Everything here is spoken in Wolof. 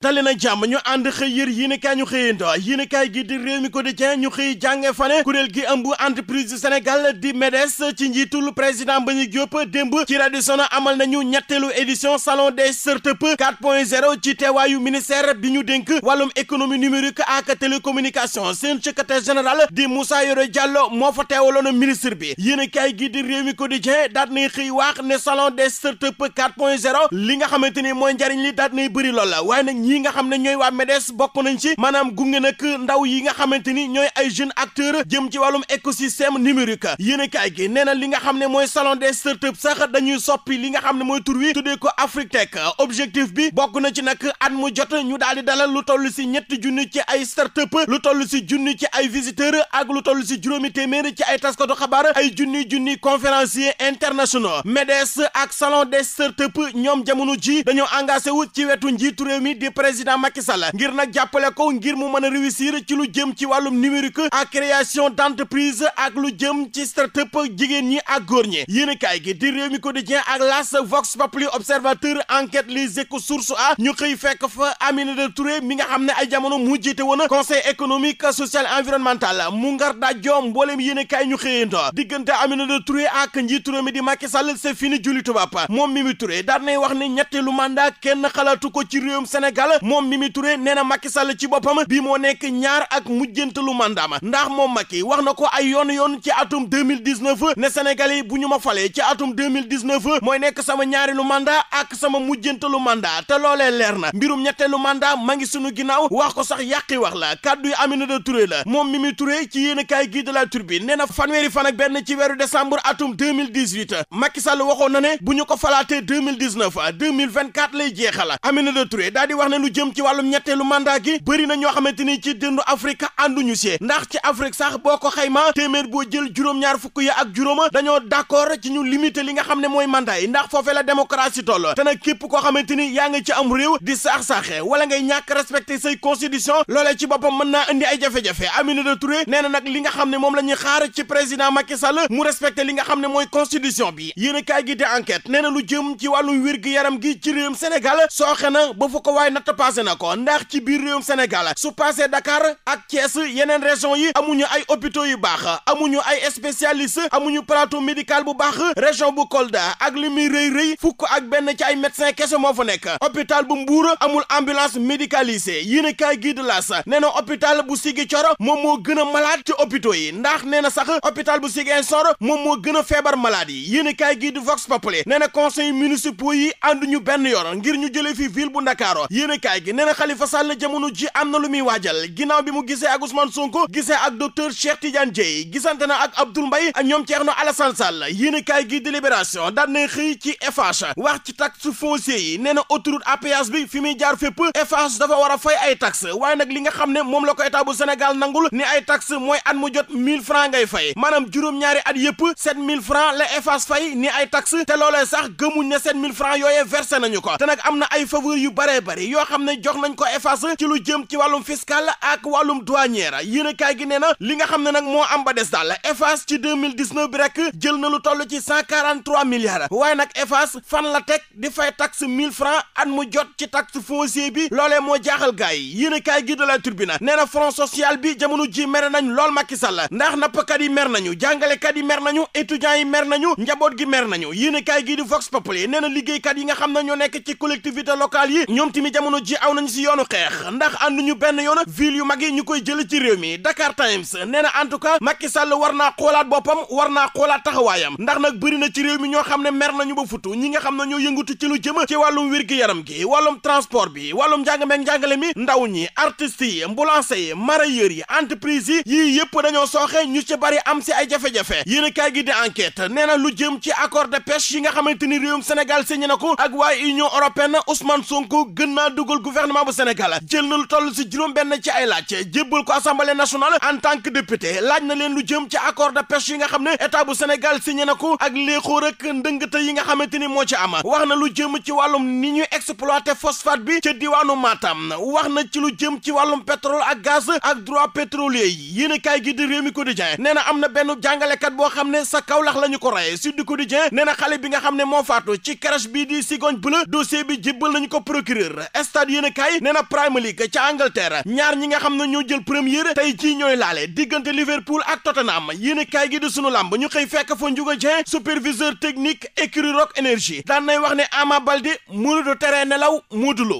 dali na jàmm ñu ànd xëy yër yéenekaay ñu xëyanto yéenekaay gi di Rewmi Quotidien ñu xëy jànge fane kuréel gi ëmb entreprise du Sénégal di MEDES ci njiitul président Mbagnick Diop demb ci Radisson amal nañu ñetteelu édition salon des startup 4.0 ci teewaayu ministère bi ñu dénk wàllum économie numérique ak télécommunication seen secrétaire général di Moussa Yoro Diallo moo fa teewaloon ministre bi yéenekaay gi di Rewmi Quotidien daat nay xëy waax ne salon des startup 4.0 li nga xamante ni mooy njariñ li daat nay bëri yi nga xam ne ñooy waa medees bokk nañ ci maanaam gunge nag ndaw yi nga xamante ni ñooy ay jeunes acteurs jëm ci wàllum écosystème numérique yéen a kaay gi nee na li nga xam ne mooy salon des startups sax dañuy soppi li nga xam ne mooy tur wi tuddee ko Afrique Tech objectif bi bokk na ci nag at mu jot ñu daal di dalal lu toll si ñetti junni ci ay startup lu toll si junni ci ay visiteurs ak lu toll si juróomi téeméer ci ay taskatu xabaar ay junni junni conférenciers internationaux MEDES ak salon des startups ñoom jamono ji dañoo engagé wu ci wetu njiitu mi président Macky Sall ngir nag jàppale ko ngir mu mën a réussir ci lu jëm ci wàllum numérique ak création d'entreprise ak lu jëm ci start jigéen ñi ak góor ñi yéen a gi di réew mi quotidien ak las Vox Populi observateur enquête les échos source a ñu xëy fekk fa Aminata Touré mi nga xam ne ay jamono mu jiite woon conseil économique social environnemental mu ngar dajjoo mbooleem yéen a kaay ñu xëyandoo diggante Aminata Touré ak njiitu réew mi di Macky Sall c'est fini julli tubaab moom Mimi Touré daan wax ne ñetteelu mandat kenn xalaatu ko ci réewum Sénégal Sall moom Mimi Touré nee na Macky Sall ci boppam bi moo nekk ñaar ak mujjantalu mandaama ndax moom Macky wax na ko ay yoon yoon ci atum 2019 ne Sénégalais yi bu ñu ma falee ci atum 2019 mooy nekk sama ñaareelu mandat ak sama mujjantalu mandat te loolee leer na mbirum ñetteelu mandat ma ngi sunu ginnaaw wax ko sax yàqi wax la kàddu yu Aminata Touré la moom Mimi Touré ci yéen a kaay gii de la Tribune nee na fanweeri fan ak benn ci weeru décembre atum 2018 Macky Sall bu ne lu jëm ci wàllum ñetteelu mandat gi bëri na ñoo xamante ni ci dëndu Afrique ànduñu si ndax ci Afrique sax boo ko xayma téeméer boo jël juróom-ñaar fukk yi ak juróoma dañoo d'accord ci ñu limiter li nga xam ne mooy mandat yi ndax foofee la démocratie toll te na képp koo xamante ni yaa ngi ci am réew di saax-saaxe wala ngay ñàkk respecter say constitution loolee ci boppam mën naa indi ay jafe-jafe Aminata Touré nee na nag li nga xam ne moom la ñuy xaar ci président Macky Sall mu respecter li nga xam ne mooy constitution bi yéen gi di nee na lu jëm ci wàllu wér gu gi ci réewum Sénégal sooxe na ba fu natt na ko ndax ci biir réewum Sénégal su passé Dakar ak Thiès yeneen région yi amuñu ay hôpitaux yu baax amuñu ay spécialiste amuñu plateau médical bu baax région bu Kolda ak li muy rëy fukk ak benn ci ay médecin kese moo fa nekk hôpital bu mbuur amul ambulance médicalisée yéen a kaay gii de las nee na hôpital bu Ziguinchor moom moo gën a malade ci hôpitaux yi ndax nee na sax hôpital bu Ziguinchor moom moo gën a feebar maladi yi yéen a kaay gii de Vox nee na conseil municipaux yi ànduñu benn yoon ngir ñu jëlee fi ville bu Ndakaaru yéenekaay gi nee na Khalifa Sall jamono ji am na lu muy waajal ginnaaw bi mu gisee ak Ousmane Sonko gisee ak docteur Cheikh Tidiane Dieye gisante na ak Abdoul Mbaye ak ñoom Thierno Alassane Sall yéenekaay gi di daan na xëy ci Eiffage wax ci taxe foncier yi nee na autoroute bi fi muy jaar fépp Eiffage dafa war a fay ay taxe waaye nag li nga xam ne moom la ko état bu nangul ni ay taxe mooy at mu jot 1000 francs ngay fay maanaam juróom-ñaari at yëpp 7000 la Eiffage fay ni ay taxe te loolee sax gëmuñ ne 7000 francs yooyee versé nañu xam ne jox nañ ko EFAS ci lu jëm ci wàllum fiscal ak wàllum douanière yéenekaay gi nee na li nga xam ne nag moo am ba des daal EFAS ci 2019 bi rek jël na lu toll ci 143 milliards waaye nag EFAS fan la teg di fay taxe 1000 francs at mu jot ci taxe foncier bi loolee moo jaaxal gars yi yéenekaay gi de la Tribune nee na front social bi jamono ji mere nañ lool Macky Sall ndax nappkat yi mer nañu jàngalekat yi mer nañu étudiants yi mer nañu njaboot gi mer nañu yéenekaay gi di Vox Populi nee na liggéeykat yi nga xam ne ñoo nekk ci collectivité locale ñoom tamit jamono ji aw nañu si yoonu xeex ndax benn yoon ville yu mag yi ñu koy jëlee ci réew mi Dakar Times en tout cas Macky Sall war naa xoolaat boppam war naa taxawaayam ndax nag bëri na ci réew mi ñoo xam ne mer nañu ba futu ñi nga xam ne ñoo yëngatu lu jëm ci wàllum wér-gi-yaram gi wàllum transport bi wàllum njàng meeg njàngale mi ndaw ñi artistes yi ambulance yi mareyeurs yi entreprise yi yii yëpp dañoo sooxe ñu ci bari am si ay jafe-jafe yéen kaay gi di enquête nee na lu jëm ci accord de pêche yi nga xamante ni réewum Sénégal signé na ko ak waa Union européenne Ousmane Sonko gën naa dugal gouvernement bu Sénégal jël na lu toll si juróom benn ci ay laaj jébbal ko assemblée nationale en tant laaj na leen lu jëm ci accord de pêche yi nga xam ne état bu Sénégal signé ko ak léexoo rek ndëngte yi nga xamante ni moo ci am wax na lu jëm ci wàllum ni ñuy exploité phosphate bi ca diwaanu Matam wax na ci lu jëm ci wàllum pétrole ak gaz ak droit pétrolier yi yéen a gi di Rewmi Quotidien nee na am na benn jàngalekat boo xam ne sa Kaolack la ko rey Sud Quotidien na xale bi nga xam ne moo faatu ci crèche bii di Sigogne stade yéen a kaay nee na Premier League ca Angleterre ñaar ñi nga xam ne ñoo jël première tey ci ñooy laale diggante Liverpool ak Tottenham yéen a kaay gi di sunu làmb ñu xëy fekk fa Ndiouga Dieng superviseur technique écurie Rock Énergie daan nay wax ne Ama Baldé mënu do terrain nelaw Modou Lo